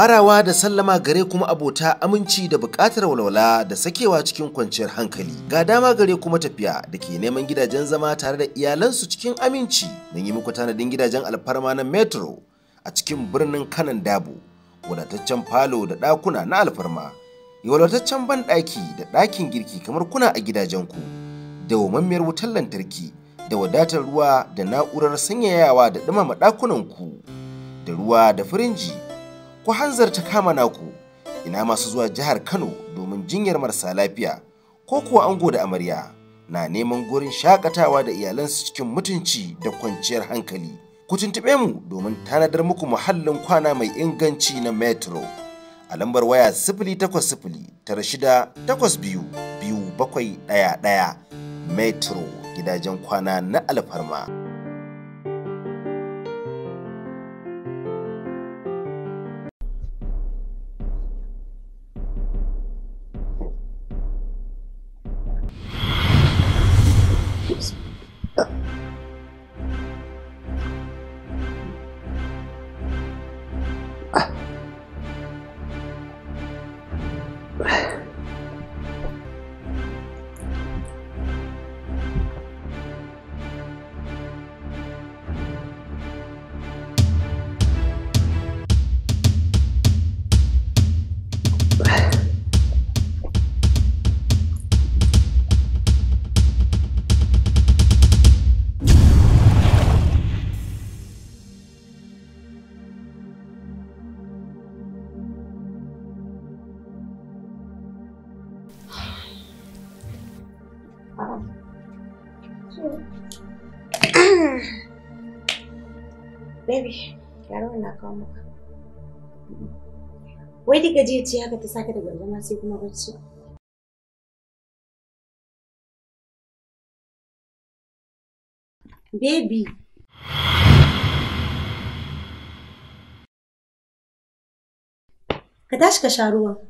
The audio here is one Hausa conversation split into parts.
farawa da sallama gare kuma abota aminci da buƙatar walwala da sakewa cikin kwanciyar hankali ga dama gare kuma tafiya da ke neman gidajen zama tare da iyalansu cikin aminci mun yi muku tanadin gidajen alfarma na metro a cikin birnin kanan dabo wadataccen falo da ɗakuna na alfarma ban banɗaki da ɗakin girki kamar kuna a gidajenku da wamammiyar wutar lantarki da wadatar ruwa da na'urar sanyayawa da ɗumama ɗakunanku da ruwa da firinji ku hanzarta kama naku ina masu zuwa jihar Kano domin jinyar marasa lafiya ko kuwa ango da amarya na neman gurin shakatawa da iyalansu cikin mutunci da kwanciyar hankali. Ku tuntuɓe mu domin tanadar muku muhallin kwana mai inganci na Metro. A lambar waya sifili takwas sifili ɗaya ɗaya Metro gidajen kwana na alfarma. Baby, yaro na kawo maka. Wai daga jiya haka ta sake da gargama sai kuma barci? Baby. Ka tashi ka sha ruwan.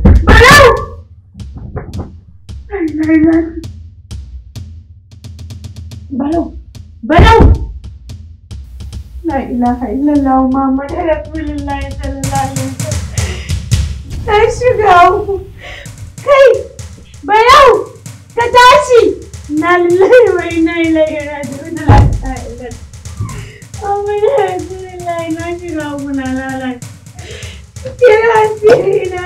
everyone. Barau, Barau! La ilaha illallah Muhammad Rasulullah sallallahu alaihi wasallam. Kai shiga uku. Kai, Barau, ka tashi. Na lillahi wa inna ilaihi raji'un. Kira asiri na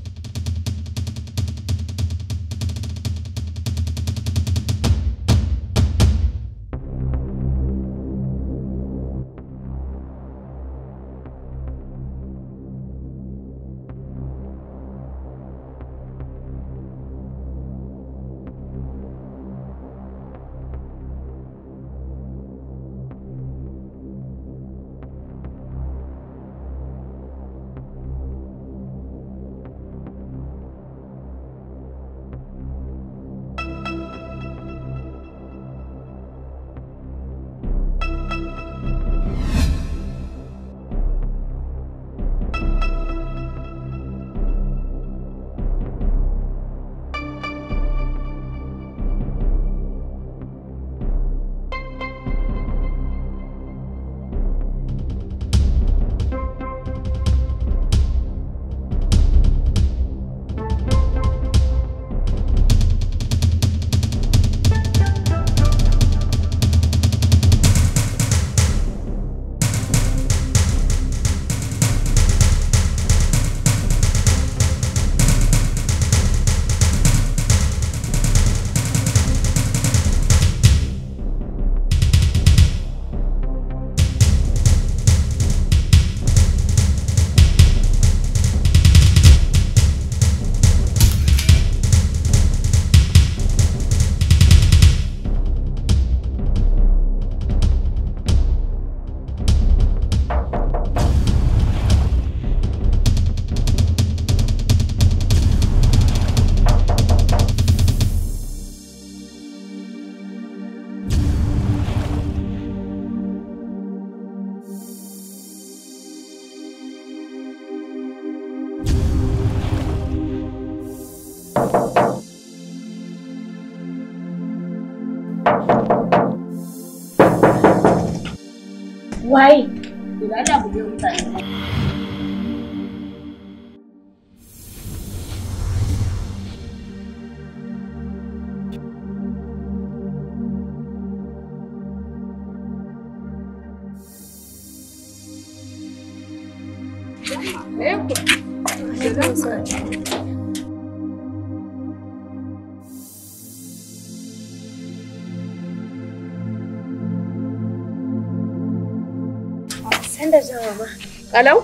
San da mu ma. Kalau?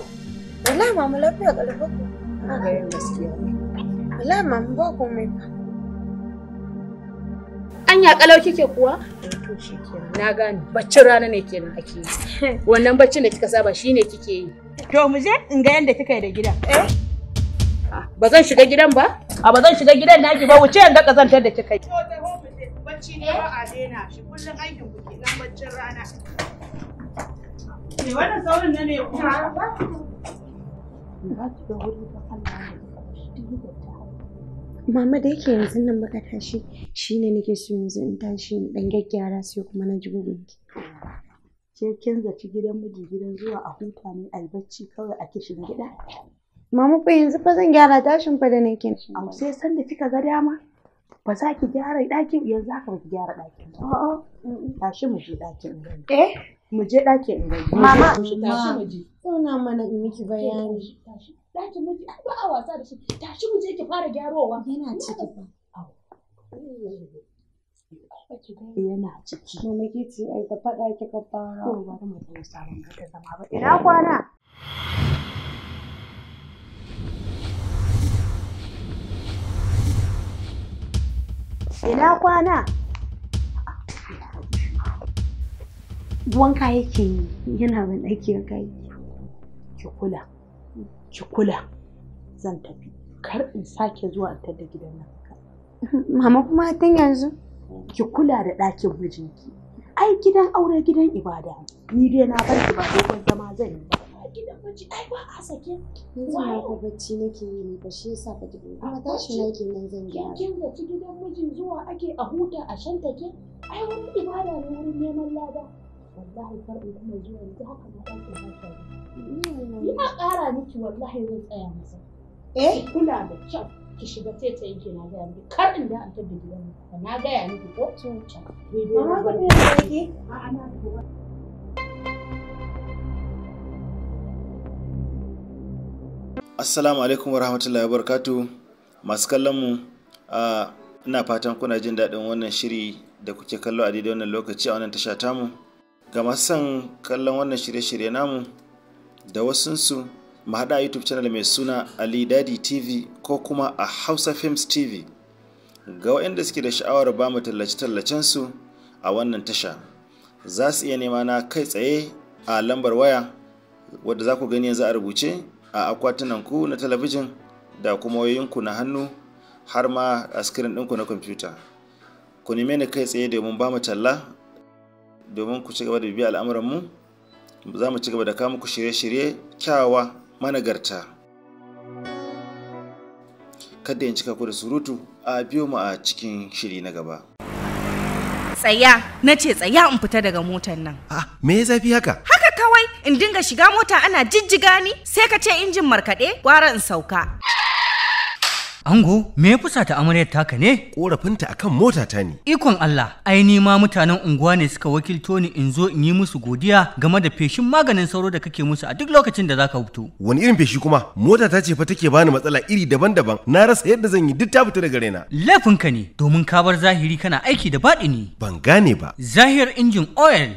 Wallahi mamu lafiya kalau ko. Na ah. ga yin gaskiya. Wallahi mamu ba komai ba. Anya ƙalau kike kuwa? To shi kenan. Na gane. Baccin rana ne kenan ake yi. Wannan baccin da kika saba shine kike yi. To mu je in ga yadda kika yi da gidan. Eh? Ah, ba zan shiga gidan ba? A ba zan shiga gidan naki ba wuce in ga kazantar da kika yi. Bacci ne ba a daina shi kullum aikin ku kenan baccin rana. ce Mama da yake yanzu nan muka tashi shine nake so yanzu in tashi in dan gyaggyara sai kuma na ji bugun Ke kin zaci gidan miji gidan zuwa a huta ne a bacci kawai a kishin gida. Mama fa yanzu fa zan gyara tashin fa da nake. Amma sai san kika ga dama. ba za ki gyara ɗakin yanzu haka ki gyara ɗakin ba. a'a tashi mu je ɗakin in eh mu je ɗakin in mama tashi mu je zauna mana in miki bayani tashi ɗakin miki ai ba a wasa da shi tashi mu je ki fara gyarowa yana ciki yana ciki mu ke ci ai ka faɗa ki ka fara ko ba mu da sabon gata zama ba ina kwana ina kwana wanka yake yi yana ban aiki ya kai ki kula ki kula zan tafi kar in sake zuwa ta da gidan nan mama kuma tun yanzu ki kula da ɗakin mijinki ai gidan aure gidan ibada ni dai na bar ki ba dogon zama zan yi ba a gidan bacci ai ba a sake yanzu ma fa bacci nake yi ne ba shi yasa baki ba kuma tashi nake nan zan gyara kin zaci gidan mijin zuwa ake a huta a shanta ke ai wani ibada ne wurin neman lada wallahi kar in kuma zuwa yanzu haka na ɗauke ba ki ya ƙara miki wallahi zan tsaya masa eh kula da kyau ki shiga tetayin ki na gaya miki kar in da an tabbi gidan na gaya miki ko to to ba ma ga me yake a'a na assalamu alaikum wa wa barakatu masu kallonmu ina fatan kuna jin daɗin wannan shiri da kuke kallo a daidai wannan lokaci a wannan tasha tamu ga masu son kallon wannan shirye-shirye namu da wasunsu mu haɗa a youtube channel mai suna ali dadi tv ko kuma a hausa films tv ga waɗanda suke da sha'awar ba mu tallace-tallacen su a wannan tasha za su iya nema na kai tsaye a lambar waya wadda za ku gani yanzu a rubuce a akwatunan ku na talabijin da kuma wayoyinku na hannu har ma a skirin ɗinku na kwamfuta ku neme ni kai tsaye domin ba mu talla domin ku ci gaba da bibiya al'amuranmu za mu ci gaba da kama ku shirye-shirye kyawawa managarta kada in cika ku da surutu a biyo mu a cikin shiri na gaba tsaya na ce tsaya in fita daga motar nan ah, me ya zafi haka kawai in dinga shiga mota ana jijjiga ni sai ka ce injin markaɗe gwara in sauka. Ango, me ya fusa ta amaryar taka ne? Ƙorafinta a kan motata ne. Ikon Allah, ai ni ma mutanen unguwa ne suka wakilto ni in zo in yi musu godiya game da feshin maganin sauro da kake musu a duk lokacin da zaka fito. Wani irin feshi kuma? mota ta ce fa take bani matsala iri daban-daban. Na rasa yadda zan yi duk ta fita daga raina. ka ne, domin ka bar zahiri kana aiki da baɗi ne. Ban gane ba. Zahir injin oil.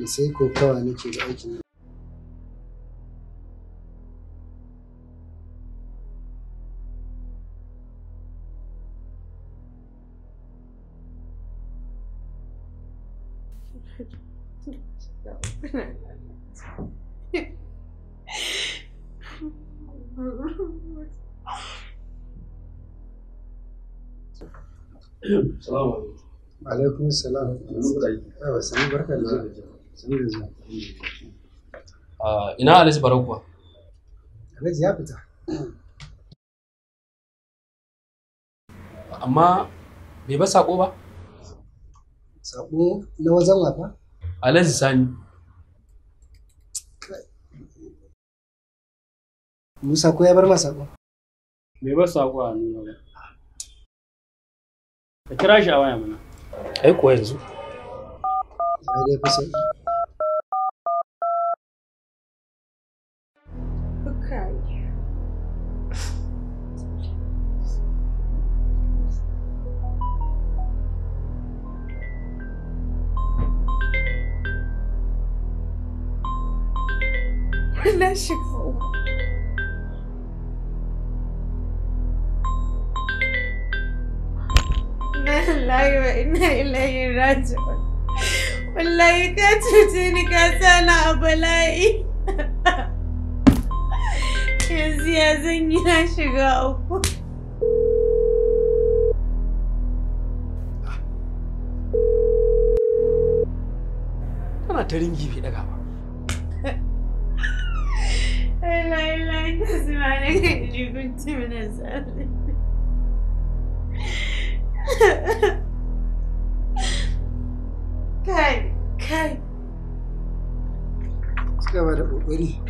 ne sai ko kawa nake da aikin Salamu alaikum. Alaikum salam. barka da Eh, ina Alhaji Barau kuwa? Alhaji ya fita. Amma bai ba sako ba? Sako na wajen wata Alhaji Sani. Musa ko ya bar ma sako? Bai ba sako a nuna ba. Ka kira shi a waya mana. Ai kuwa yanzu. Ai dai fa sauki. na shiga uku wallahi wa ina ilahi ka cuce ni ka sana yanzu ya na shiga ta ringi bai daga ba Everything you could do in his Okay, okay. Let's go of it, Woody.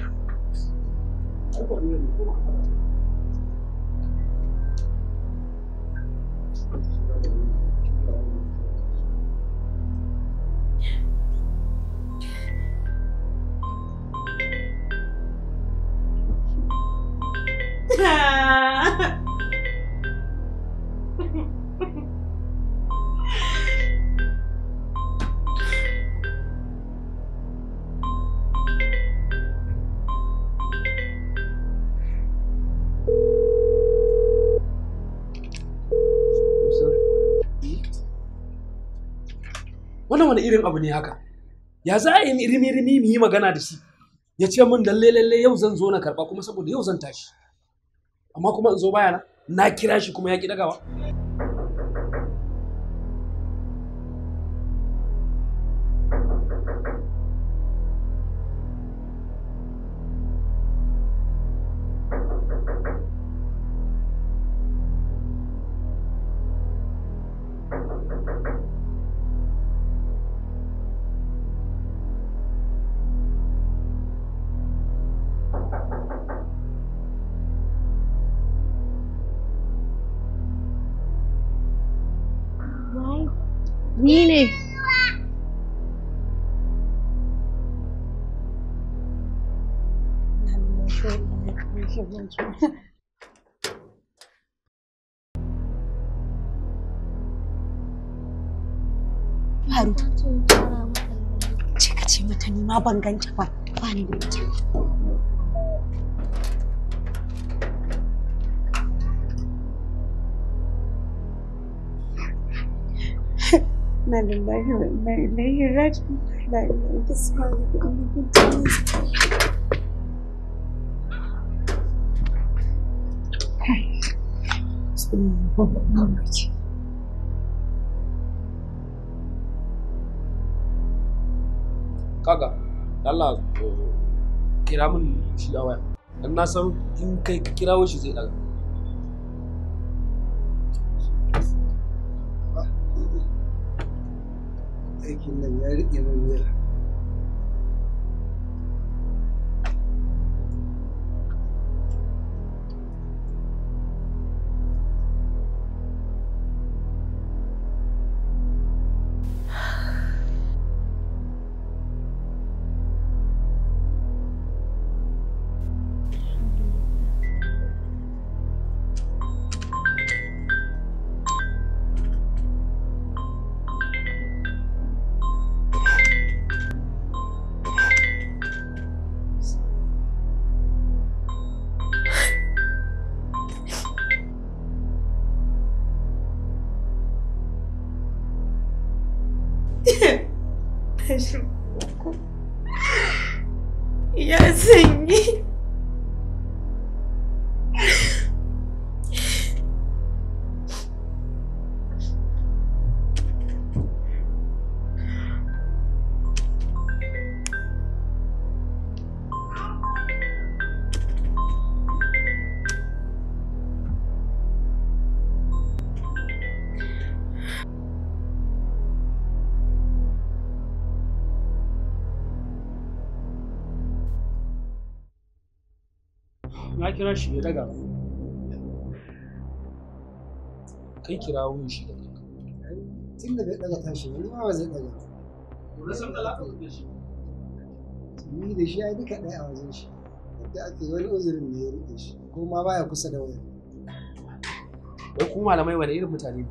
wani irin abu ne haka ya za a yi rimi rimi mu yi magana da shi ya ce min dalle lalle yau zan zo na karba kuma saboda yau zan tashi amma kuma in zo baya na kira shi kuma ya ki dagawa this one. faru? Ce ce mata nima ban ganta ba, ba ni da ita. Na lillahi wa inna ilaihi raji'un. La ilaha illallah. mamaki kaga Allah kira min shi a waya dan na san in kai ka kirawo shi zai daga aikin nan ya riƙe min wuya kira shi ya daga kai kira wun shi da kanka tun da bai daga tashi ne ma ba zai daga na san da lafa da shi ni da shi ai duka dai a wajen shi da ake wani uzurin da ya rike shi ko ma baya kusa da wani wai ku malamai wani irin mutane ne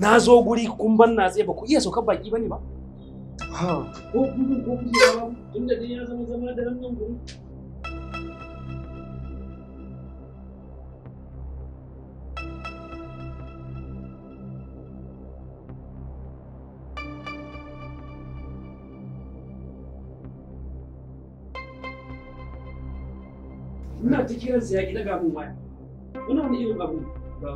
na zo guri kun ban na tsaye ba ku iya saukar baki bane ba ko gudun ko ba ya zama zama da rannan gurin ina ta kiran sa ya waya wani irin abu ba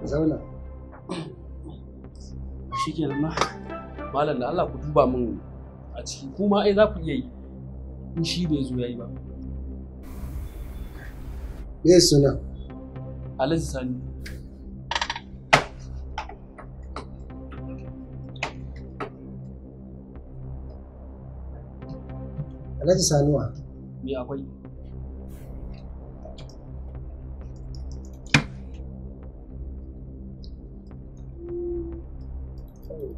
ba zauna shi ke nan malam da Allah ku duba min a ciki kuma ai za ku iya yi in shi bai zo ya yi ba me suna alhaji sani alhaji wa? me akwai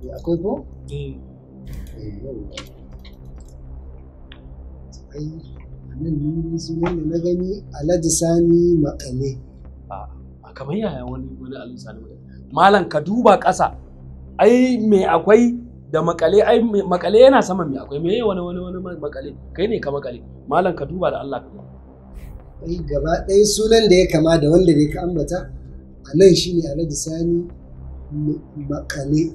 akwai ko? Eh. Eh, ai nan ne na gani a kamar yaya wani wani malam ka duba ƙasa ai me akwai da makale ai makale yana me akwai me wani wani wani makale kai ne ka makale malam ka duba da Allah ka ai gaba ɗaya sunan da ya kama da wanda ne ka ambata a nan shine alhaji sani makale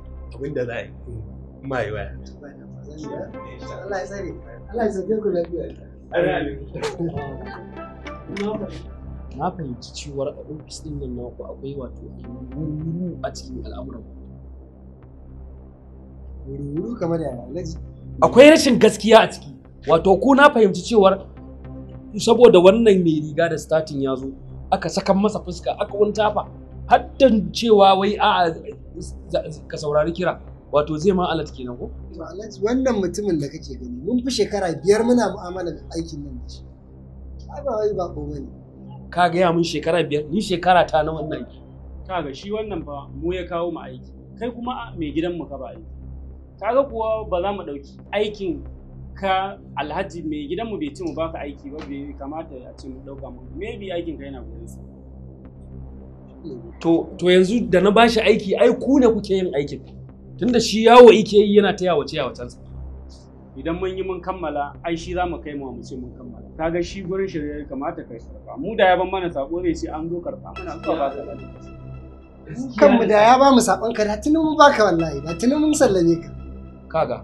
abin za a yi ma yi waya na fahimci cewar a ofis din nan naku akwai wato wuri a cikin al'amuran wuri kamar da alaji akwai rashin gaskiya a ciki wato ku na fahimci cewar saboda wannan mai riga da statin ya zo aka sakan masa fuska aka wani tafa haddan cewa wai a'a. ka saurari kira wato zai ma alat kenan ko wannan mutumin da kake gani mun fi shekara biyar muna da aikin nan da shi ba wai ba ko bane ka ya mun shekara biyar ni shekara ta na wannan ki kaga shi wannan ba mu ya kawo mu aiki kai kuma mai gidan mu ka ba aiki kaga kuwa ba za mu dauki aikin ka alhaji mai gidan mu bai ci mu baka aiki ba bai kamata a ce mu dauka mu maybe aikin ka yana gurin sa to to yanzu da na bashi aiki ai ku ne kuke yin aikin tunda shi yawo yake yi yana ta yawace yawacensa idan mun yi mun kammala ai shi za mu kai mu mu ce mun kammala kaga shi gurin shi ya kamata kai sarfa mu da ya ban mana sako ne sai an zo karfa muna zuwa ba ka mu da ya ba mu sakon ka da tuni mun baka wallahi da tuni mun sallame ka kaga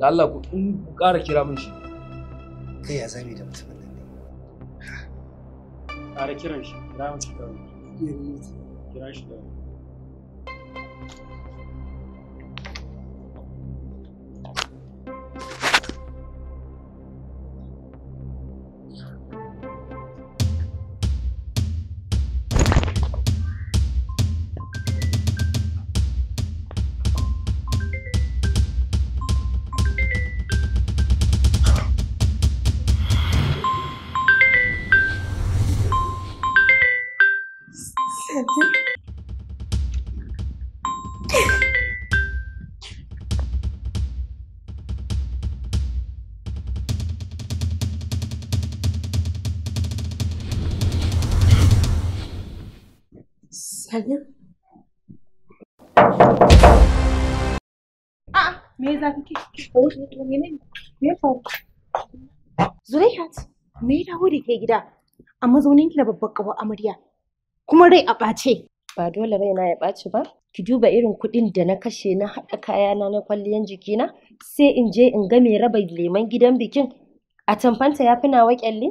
da Allah ku in ƙara kira mun shi kai ya zame da mutum nan ne kara kiran shi ra mu ci Tirar a história. A'a, me ya zafi ke? Me ya Zulaihat, me ya dawo ke gida a mazauninki da babbar ƙawar amarya? Kuma rai a ɓace. Ba dole raina ya ɓaci ba. Ki duba irin kuɗin da na kashe na haɗa kayana na kwalliyan jikina, sai in je in ga mai raba leman gidan bikin. A tamfanta ya fi nawa ƙyalli?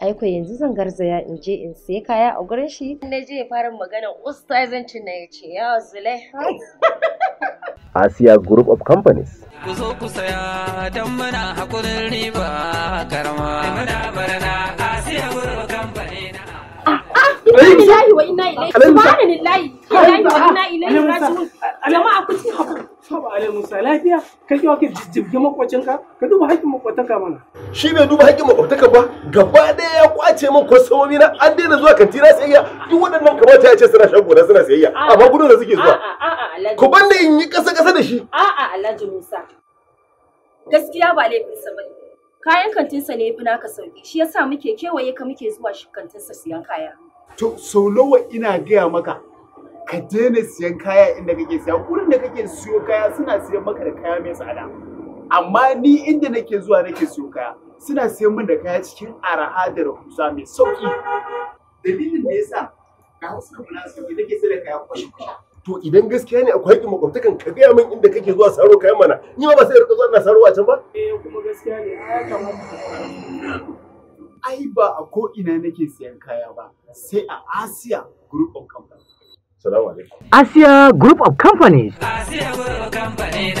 aiko yanzu zan garzaya in je in sai kaya a gurin shi na je fara magana ustazancin na ya ce ya zulai Asia Group of Companies ku zo ku saya don muna hakurin riba karama muna barana Group of Companies Inna ah, ah. lillahi wa inna ilaihi subhanallahi wa inna ilaihi raji'un jama'a ku hakuri Saba alai Musa lafiya ka kiwa ka jijjibge makwacinka ka duba haƙƙin makwataka mana. Shi bai duba haƙƙin makwataka ba gaba ɗaya ya kwace min kwastomomi na an daina zuwa kantina sayayya duk waɗannan kamata ya ce suna shan gona suna sayayya amma gudun da suke zuwa. Ku ban da in yi ƙasa-ƙasa da shi. A'a Alhaji Musa gaskiya ba laifinsa ba kayan kantinsa ne ya fi naka sauki shi yasa muke kewaye ka muke zuwa kantinsa siyan kaya. To sau nawa ina gaya maka ka daina siyan kaya inda kake siya wurin da kake siyo kaya suna siyan maka da kaya mai tsada amma ni inda nake zuwa nake siyo kaya suna siyan min da kaya cikin araha da rahusa mai sauki dalilin da yasa ga hausa na sauki nake sayar da kaya kwashe kwashe to idan gaskiya ne akwai haƙƙin makwabtakan ka gaya min inda kake zuwa saro kayan mana ni ma ba sai rika zuwa na saro a can ba eh kuma gaskiya ne ai kamar ai ba a ko ina nake siyan kaya ba sai a Asia group of companies Assalamu alaikum. Asia Group of Companies. Asia Group of Companies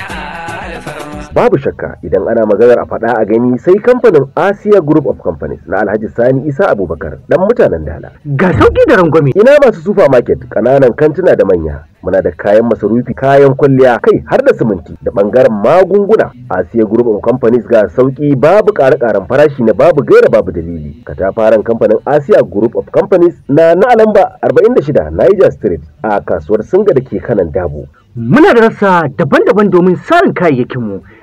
babu shakka idan ana maganar a faɗa a gani sai kamfanin Asia Group of Companies na Alhaji Sani Isa Abubakar dan mutanen Dala. Ga sauki da rangwame. Ina masu supermarket kananan kantuna da manya muna da kayan masarufi kayan kwalliya kai har da siminti da bangaren magunguna Asia Group of Companies ga sauki babu ƙare ƙaran farashi na babu gaira babu dalili. Katafaren kamfanin Asia Group of Companies na na Alamba 46 Niger Street a kasuwar Singa da ke kanan Dabo. Muna da rassa daban-daban domin sarin kayayyakinmu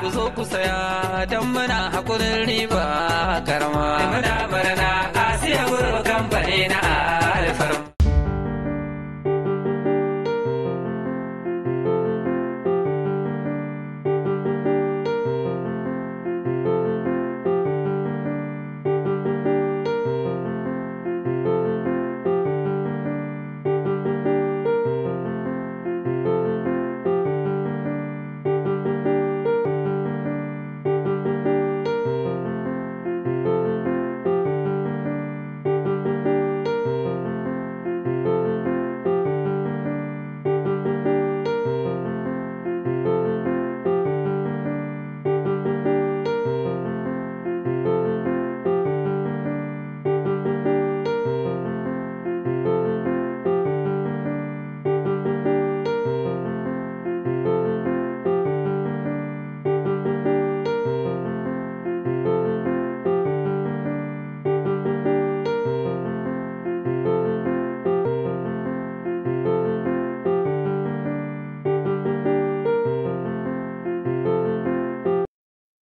ku zo ku saya don muna hakurin riba karama. Muna barna siya Gurba kamfani na alfarma.